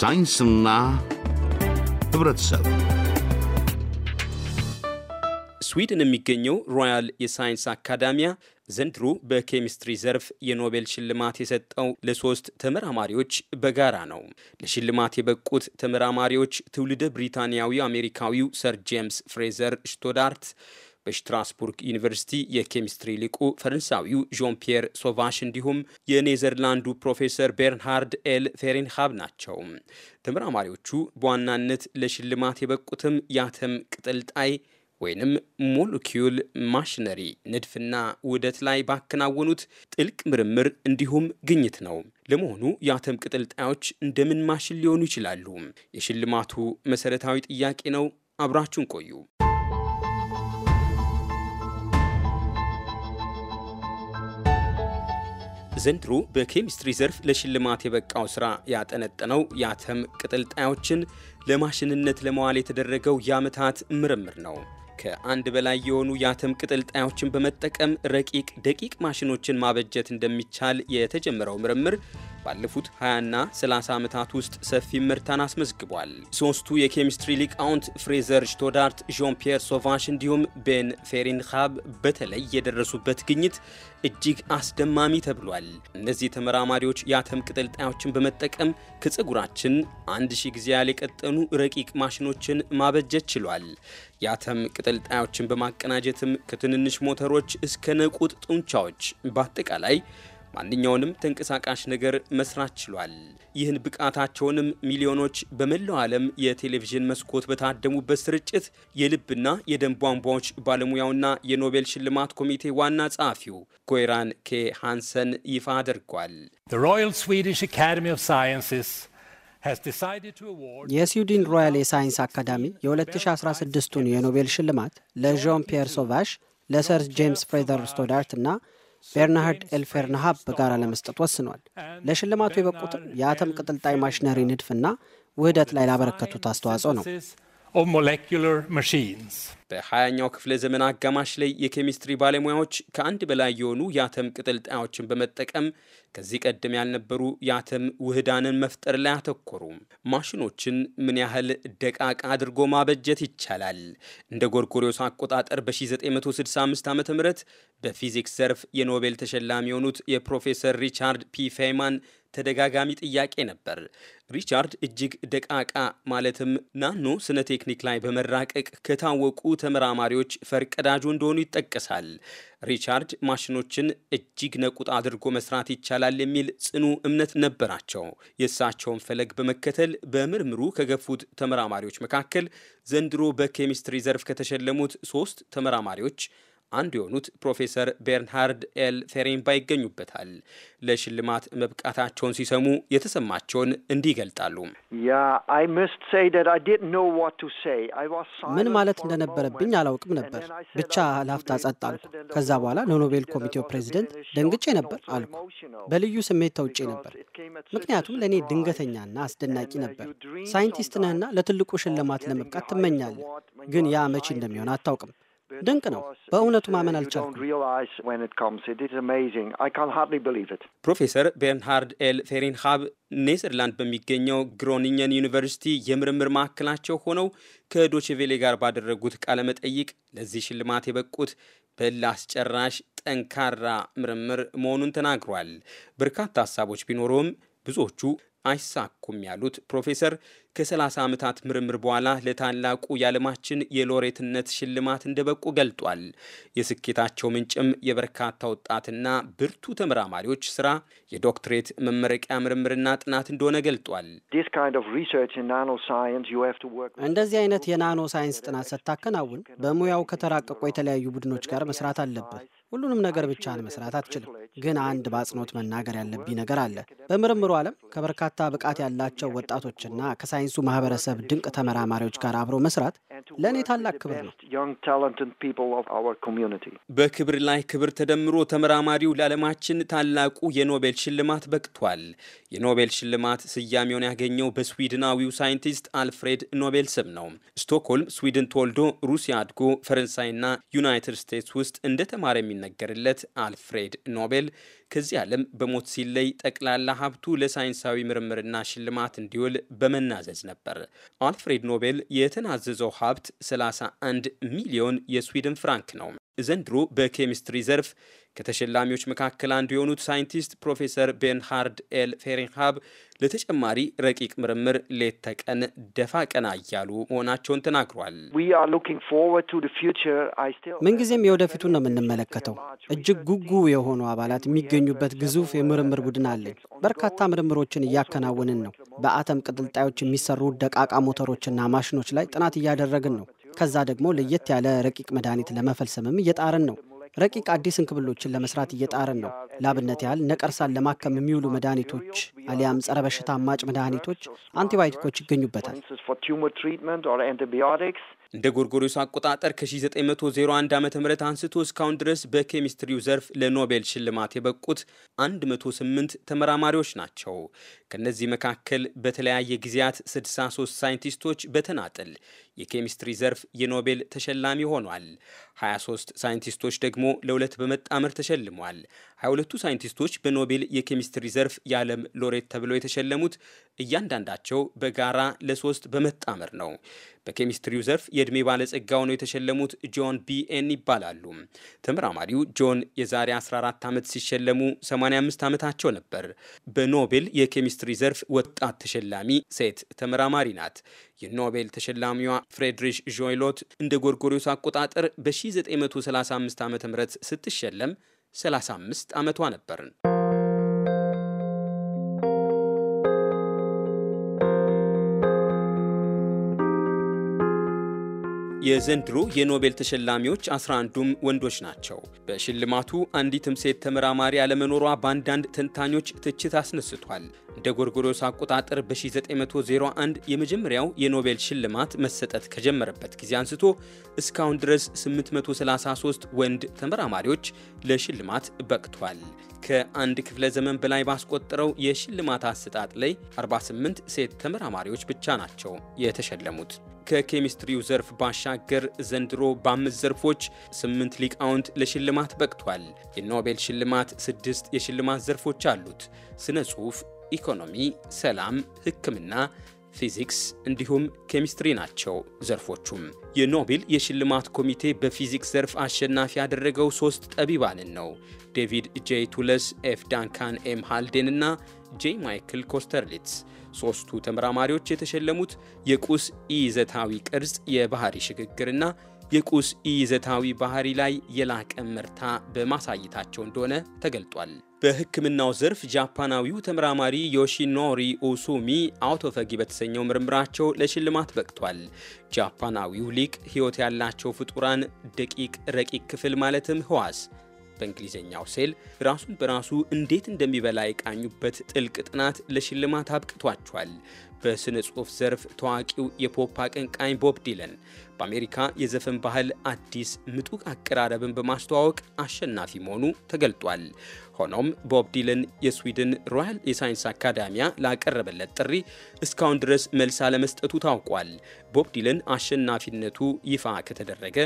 ሳይንስና ህብረተሰብ ስዊድን የሚገኘው ሮያል የሳይንስ አካዳሚያ ዘንድሮ በኬሚስትሪ ዘርፍ የኖቤል ሽልማት የሰጠው ለሶስት ተመራማሪዎች በጋራ ነው። ለሽልማት የበቁት ተመራማሪዎች ትውልደ ብሪታንያዊ አሜሪካዊው ሰር ጄምስ ፍሬዘር ሽቶዳርት በስትራስቡርግ ዩኒቨርሲቲ የኬሚስትሪ ሊቁ ፈረንሳዊው ዦን ፒየር ሶቫሽ እንዲሁም የኔዘርላንዱ ፕሮፌሰር ቤርንሃርድ ኤል ፌሬንሃብ ናቸው። ተመራማሪዎቹ በዋናነት ለሽልማት የበቁትም የአተም ቅጥልጣይ ወይንም ሞለኪዩል ማሽነሪ ንድፍና ውህደት ላይ ባከናወኑት ጥልቅ ምርምር እንዲሁም ግኝት ነው። ለመሆኑ የአተም ቅጥልጣዮች እንደምን ማሽን ሊሆኑ ይችላሉ? የሽልማቱ መሰረታዊ ጥያቄ ነው። አብራችሁን ቆዩ። ዘንድሮ በኬሚስትሪ ዘርፍ ለሽልማት የበቃው ስራ ያጠነጠነው የአተም ቅጥልጣዮችን ለማሽንነት ለመዋል የተደረገው የአመታት ምርምር ነው። ከአንድ በላይ የሆኑ የአተም ቅጥልጣዮችን በመጠቀም ረቂቅ ደቂቅ ማሽኖችን ማበጀት እንደሚቻል የተጀመረው ምርምር ባለፉት 20ና 30 ዓመታት ውስጥ ሰፊ ምርታን አስመዝግቧል። ሶስቱ የኬሚስትሪ ሊቃውንት ፍሬዘር ሽቶዳርት፣ ዣን ፒየር ሶቫሽ እንዲሁም ቤን ፌሪንሃብ በተለይ የደረሱበት ግኝት እጅግ አስደማሚ ተብሏል። እነዚህ ተመራማሪዎች የአተም ቅጥልጣዮችን በመጠቀም ከፀጉራችን አንድ ሺህ ጊዜ ያህል የቀጠኑ ረቂቅ ማሽኖችን ማበጀት ችሏል። የአተም ቅጥልጣዮችን በማቀናጀትም ከትንንሽ ሞተሮች እስከ ነቁጥ ጡንቻዎች በአጠቃላይ ማንኛውንም ተንቀሳቃሽ ነገር መስራት ችሏል። ይህን ብቃታቸውንም ሚሊዮኖች በመላው ዓለም የቴሌቪዥን መስኮት በታደሙበት ስርጭት የልብና የደም ቧንቧዎች ባለሙያውና የኖቤል ሽልማት ኮሚቴ ዋና ጸሐፊው ጎይራን ኬ ሃንሰን ይፋ አድርጓል። የስዊድን ሮያል የሳይንስ አካዳሚ የ2016ቱን የኖቤል ሽልማት ለዣን ፒየር ሶቫሽ፣ ለሰር ጄምስ ፍሬዘር ስቶዳርት እና ቤርናርድ ኤልፌርናሃብ በጋራ ለመስጠት ወስኗል። ለሽልማቱ የበቁትም የአተም ቅጥልጣይ ማሽነሪ ንድፍና ውህደት ላይ ላበረከቱት አስተዋጽኦ ነው። of molecular machines. በሀያኛው ክፍለ ዘመን አጋማሽ ላይ የኬሚስትሪ ባለሙያዎች ከአንድ በላይ የሆኑ የአተም ቅጥልጣዮችን በመጠቀም ከዚህ ቀደም ያልነበሩ የአተም ውህዳንን መፍጠር ላይ አተኮሩ። ማሽኖችን ምን ያህል ደቃቅ አድርጎ ማበጀት ይቻላል? እንደ ጎርጎሪዮስ አቆጣጠር በ1965 ዓ ም በፊዚክስ ዘርፍ የኖቤል ተሸላሚ የሆኑት የፕሮፌሰር ሪቻርድ ፒ ፌይማን ተደጋጋሚ ጥያቄ ነበር። ሪቻርድ እጅግ ደቃቃ ማለትም ናኖ ስነ ቴክኒክ ላይ በመራቀቅ ከታወቁ ተመራማሪዎች ፈርቀዳጁ እንደሆኑ ይጠቀሳል። ሪቻርድ ማሽኖችን እጅግ ነቁጣ አድርጎ መስራት ይቻላል የሚል ጽኑ እምነት ነበራቸው። የእሳቸውን ፈለግ በመከተል በምርምሩ ከገፉት ተመራማሪዎች መካከል ዘንድሮ በኬሚስትሪ ዘርፍ ከተሸለሙት ሶስት ተመራማሪዎች አንዱ የሆኑት ፕሮፌሰር ቤርንሃርድ ኤል ፌሬምባ ይገኙበታል። ለሽልማት መብቃታቸውን ሲሰሙ የተሰማቸውን እንዲህ ይገልጣሉ። ምን ማለት እንደነበረብኝ አላውቅም ነበር። ብቻ ላፍታ ጸጥ አልኩ። ከዛ በኋላ ለኖቤል ኮሚቴው ፕሬዚደንት ደንግጬ ነበር አልኩ። በልዩ ስሜት ተውጬ ነበር፣ ምክንያቱም ለእኔ ድንገተኛና አስደናቂ ነበር። ሳይንቲስት ነህና ለትልቁ ሽልማት ለመብቃት ትመኛለህ፣ ግን ያ መቼ እንደሚሆን አታውቅም። ድንቅ ነው። በእውነቱ ማመን አልቻልኩም። ፕሮፌሰር ቤርንሃርድ ኤል ፌሪንሃብ ኔዘርላንድ በሚገኘው ግሮኒኘን ዩኒቨርሲቲ የምርምር ማዕከላቸው ሆነው ከዶችቬሌ ጋር ባደረጉት ቃለ መጠይቅ ለዚህ ሽልማት የበቁት በእልህ አስጨራሽ ጠንካራ ምርምር መሆኑን ተናግሯል። በርካታ ሀሳቦች ቢኖረውም ብዙዎቹ አይሳኩም ያሉት ፕሮፌሰር ከ30 ዓመታት ምርምር በኋላ ለታላቁ የዓለማችን የሎሬትነት ሽልማት እንደበቁ ገልጧል። የስኬታቸው ምንጭም የበርካታ ወጣትና ብርቱ ተመራማሪዎች ስራ፣ የዶክትሬት መመረቂያ ምርምርና ጥናት እንደሆነ ገልጧል። እንደዚህ አይነት የናኖ ሳይንስ ጥናት ስታከናውን በሙያው ከተራቀቁ የተለያዩ ቡድኖች ጋር መስራት አለብህ። ሁሉንም ነገር ብቻ መስራት አትችልም። ግን አንድ በአጽንኦት መናገር ያለብኝ ነገር አለ። በምርምሩ ዓለም ከበርካታ ብቃት ያላቸው ወጣቶችና ከሳይንስ ከሳይንሱ ማህበረሰብ ድንቅ ተመራማሪዎች ጋር አብሮ መስራት ለእኔ ታላቅ ክብር ነው። በክብር ላይ ክብር ተደምሮ ተመራማሪው ለዓለማችን ታላቁ የኖቤል ሽልማት በቅቷል። የኖቤል ሽልማት ስያሜውን ያገኘው በስዊድናዊው ሳይንቲስት አልፍሬድ ኖቤል ስም ነው። ስቶክሆልም ስዊድን ተወልዶ ሩሲያ አድጎ ፈረንሳይና ዩናይትድ ስቴትስ ውስጥ እንደተማረ የሚነገርለት አልፍሬድ ኖቤል ከዚህ ዓለም በሞት ሲለይ ጠቅላላ ሀብቱ ለሳይንሳዊ ምርምርና ሽልማት እንዲውል በመናዘዝ ሲያወግዝ ነበር። አልፍሬድ ኖቤል የተናዘዘው ሀብት 31 ሚሊዮን የስዊድን ፍራንክ ነው። ዘንድሮ በኬሚስትሪ ዘርፍ ከተሸላሚዎች መካከል አንዱ የሆኑት ሳይንቲስት ፕሮፌሰር ቤንሃርድ ኤል ፌሪንሃብ ለተጨማሪ ረቂቅ ምርምር ሌት ተቀን ደፋ ቀና እያሉ መሆናቸውን ተናግሯል። ምንጊዜም የወደፊቱን ነው የምንመለከተው። እጅግ ጉጉ የሆኑ አባላት የሚገኙበት ግዙፍ የምርምር ቡድን አለኝ። በርካታ ምርምሮችን እያከናወንን ነው። በአተም ቅጥልጣዮች የሚሰሩ ደቃቃ ሞተሮችና ማሽኖች ላይ ጥናት እያደረግን ነው። ከዛ ደግሞ ለየት ያለ ረቂቅ መድኃኒት ለመፈልሰምም እየጣርን ነው። ረቂቅ አዲስ እንክብሎችን ለመስራት እየጣርን ነው። ለአብነት ያህል ነቀርሳን ለማከም የሚውሉ መድኃኒቶች አሊያም ጸረ በሽታ አማጭ መድኃኒቶች፣ አንቲባዮቲኮች ይገኙበታል። እንደ ጎርጎሪስ አቆጣጠር ከ1901 ዓ ም አንስቶ እስካሁን ድረስ በኬሚስትሪው ዘርፍ ለኖቤል ሽልማት የበቁት 108 ተመራማሪዎች ናቸው። ከእነዚህ መካከል በተለያየ ጊዜያት 63 ሳይንቲስቶች በተናጠል የኬሚስትሪ ዘርፍ የኖቤል ተሸላሚ ሆኗል። 23 ሳይንቲስቶች ደግሞ ለሁለት በመጣመር ተሸልሟል። 22ቱ ሳይንቲስቶች በኖቤል የኬሚስትሪ ዘርፍ የዓለም ሎሬት ተብለው የተሸለሙት እያንዳንዳቸው በጋራ ለሶስት በመጣመር ነው። በኬሚስትሪው ዘርፍ የዕድሜ ባለጸጋው ነው የተሸለሙት ጆን ቢኤን ይባላሉ። ተመራማሪው ጆን የዛሬ 14 ዓመት ሲሸለሙ 85 ዓመታቸው ነበር። በኖቤል የኬሚስትሪ ዘርፍ ወጣት ተሸላሚ ሴት ተመራማሪ ናት። የኖቤል ተሸላሚዋ ፍሬድሪሽ ዦይሎት እንደ ጎርጎሪዮስ አቆጣጠር በ1935 ዓ ም ስትሸለም 35 ዓመቷ ነበር። የዘንድሮ የኖቤል ተሸላሚዎች 11ዱም ወንዶች ናቸው። በሽልማቱ አንዲትም ሴት ተመራማሪ አለመኖሯ በአንዳንድ ተንታኞች ትችት አስነስቷል። እንደ ጎርጎሮስ አቆጣጠር በ1901 የመጀመሪያው የኖቤል ሽልማት መሰጠት ከጀመረበት ጊዜ አንስቶ እስካሁን ድረስ 833 ወንድ ተመራማሪዎች ለሽልማት በቅቷል። ከአንድ ክፍለ ዘመን በላይ ባስቆጠረው የሽልማት አሰጣጥ ላይ 48 ሴት ተመራማሪዎች ብቻ ናቸው የተሸለሙት። ከኬሚስትሪው ዘርፍ ባሻገር ዘንድሮ በአምስት ዘርፎች ስምንት ሊቃውንት ለሽልማት በቅቷል። የኖቤል ሽልማት ስድስት የሽልማት ዘርፎች አሉት። ስነ ጽሑፍ፣ ኢኮኖሚ፣ ሰላም፣ ሕክምና ፊዚክስ እንዲሁም ኬሚስትሪ ናቸው ዘርፎቹም። የኖቤል የሽልማት ኮሚቴ በፊዚክስ ዘርፍ አሸናፊ ያደረገው ሶስት ጠቢባንን ነው። ዴቪድ ጄ ቱለስ፣ ኤፍ ዳንካን ኤም ሃልዴን እና ጄ ማይክል ኮስተርሊትስ። ሶስቱ ተመራማሪዎች የተሸለሙት የቁስ ኢይዘታዊ ቅርጽ የባህሪ ሽግግርና የቁስ ኢይዘታዊ ባህሪ ላይ የላቀ ምርታ በማሳየታቸው እንደሆነ ተገልጧል። በሕክምናው ዘርፍ ጃፓናዊው ተመራማሪ ዮሺኖሪ ኡሱሚ አውቶፈጊ በተሰኘው ምርምራቸው ለሽልማት በቅቷል። ጃፓናዊው ሊቅ ሕይወት ያላቸው ፍጡራን ደቂቅ ረቂቅ ክፍል ማለትም ህዋስ በእንግሊዝኛው ሴል ራሱን በራሱ እንዴት እንደሚበላ የቃኙበት ጥልቅ ጥናት ለሽልማት አብቅቷቸዋል። በስነ ጽሑፍ ዘርፍ ታዋቂው የፖፕ አቀንቃኝ ቦብ ዲለን በአሜሪካ የዘፈን ባህል አዲስ ምጡቅ አቀራረብን በማስተዋወቅ አሸናፊ መሆኑ ተገልጧል። ሆኖም ቦብ ዲለን የስዊድን ሮያል የሳይንስ አካዳሚያ ላቀረበለት ጥሪ እስካሁን ድረስ መልስ አለመስጠቱ ታውቋል። ቦብ ዲለን አሸናፊነቱ ይፋ ከተደረገ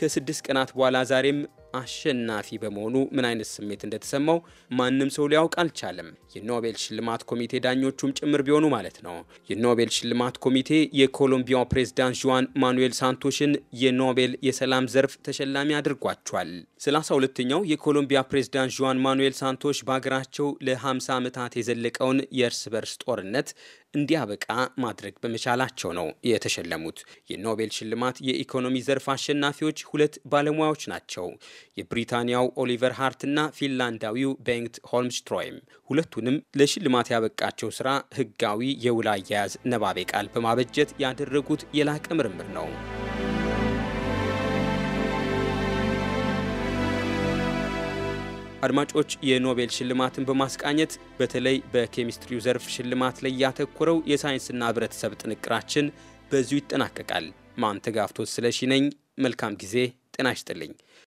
ከስድስት ቀናት በኋላ ዛሬም አሸናፊ በመሆኑ ምን አይነት ስሜት እንደተሰማው ማንም ሰው ሊያውቅ አልቻለም። የኖቤል ሽልማት ኮሚቴ ዳኞቹም ጭምር ቢሆኑ ማለት ነው። የኖቤል ሽልማት ኮሚቴ የኮሎምቢያው ፕሬዝዳንት ዥዋን ማኑኤል ሳንቶሽን የኖቤል የሰላም ዘርፍ ተሸላሚ አድርጓቸዋል። ሰላሳ ሁለተኛው የኮሎምቢያ ፕሬዝዳንት ዥዋን ማኑኤል ሳንቶሽ በሀገራቸው ለ50 ዓመታት የዘለቀውን የእርስ በርስ ጦርነት እንዲያበቃ ማድረግ በመቻላቸው ነው የተሸለሙት። የኖቤል ሽልማት የኢኮኖሚ ዘርፍ አሸናፊዎች ሁለት ባለሙያዎች ናቸው። የብሪታንያው ኦሊቨር ሃርትና ፊንላንዳዊው ቤንግት ሆልምስትሮይም ሁለቱንም ለሽልማት ያበቃቸው ስራ ህጋዊ የውል አያያዝ ነባቤ ቃል በማበጀት ያደረጉት የላቀ ምርምር ነው። አድማጮች የኖቤል ሽልማትን በማስቃኘት በተለይ በኬሚስትሪው ዘርፍ ሽልማት ላይ ያተኮረው የሳይንስና ህብረተሰብ ጥንቅራችን በዚሁ ይጠናቀቃል። ማንተጋፍቶት ስለሺ ነኝ። መልካም ጊዜ። ጤና ይስጥልኝ።